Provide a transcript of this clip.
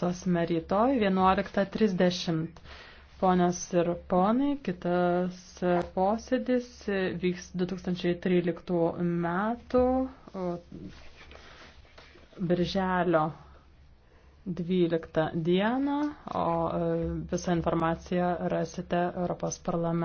balsuosime rytoj 11.30. Ponios ir ponai, kitas posėdis vyks 2013 metų birželio 12 dieną, o visą informaciją rasite Europos parlamente.